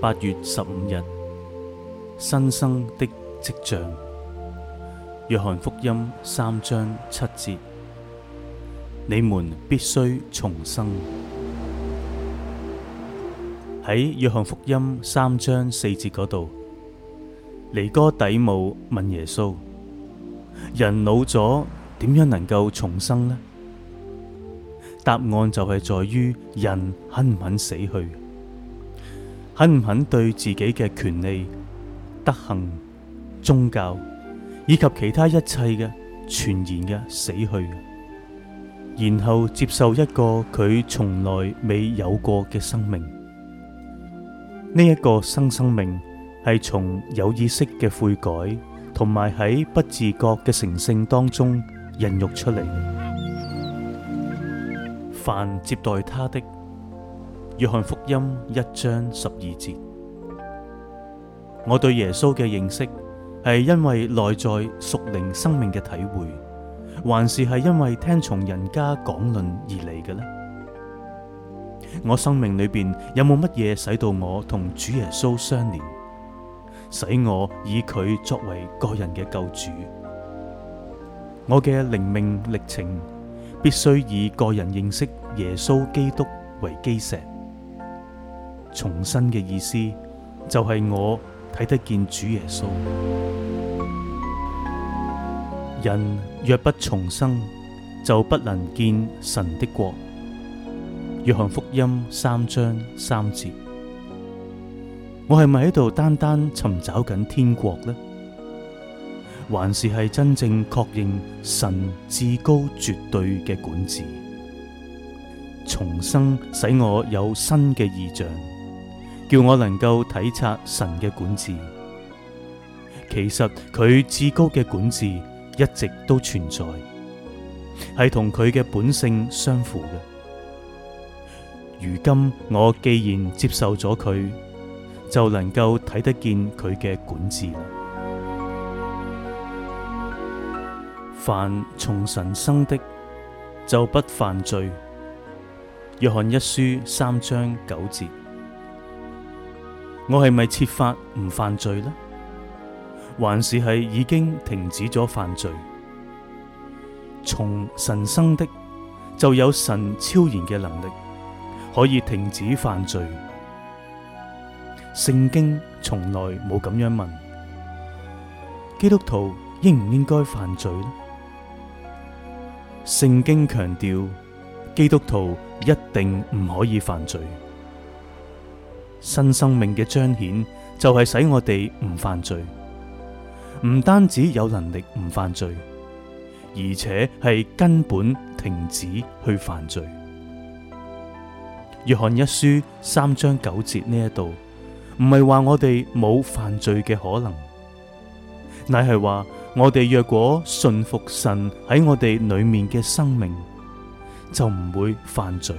八月十五日，新生的跡象。約翰福音三章七節，你們必須重生。喺約翰福音三章四節嗰度，尼哥底母問耶穌：人老咗點樣能夠重生呢？答案就係在於人肯唔肯死去。肯唔肯對自己嘅權利、德行、宗教以及其他一切嘅全然嘅死去，然後接受一個佢從來未有過嘅生命？呢一個新生命係從有意識嘅悔改同埋喺不自覺嘅成聖當中孕育出嚟。凡接待他的。約翰福音一章十二節，我對耶穌嘅認識係因為內在屬靈生命嘅體會，還是係因為聽從人家講論而嚟嘅呢？我生命裏邊有冇乜嘢使到我同主耶穌相連，使我以佢作為個人嘅救主？我嘅靈命歷程必須以個人認識耶穌基督為基石。重生嘅意思就係、是、我睇得見主耶穌。人若不重生，就不能見神的國。約翰福音三章三節。我係咪喺度單單尋找緊天國呢？還是係真正確認神至高絕對嘅管治？重生使我有新嘅意象。叫我能夠體察神嘅管治，其實佢至高嘅管治一直都存在，係同佢嘅本性相符嘅。如今，我既然接受咗佢，就能夠睇得見佢嘅管治啦。 凡從神生的，就不犯罪。約翰一書三章九節。我係咪設法唔犯罪呢？還是係已經停止咗犯罪？從神生的就有神超然嘅能力，可以停止犯罪。聖經從來冇咁樣問「基督徒應唔應該犯罪呢？」聖經強調「基督徒一定唔可以犯罪。」新生命嘅彰顯就係使我哋唔犯罪，唔單止有能力唔犯罪，而且係根本停止去犯罪。約翰一書三章九節呢一度唔係話我哋冇犯罪嘅可能，乃係話我哋若果信服神喺我哋裏面嘅生命，就唔會犯罪。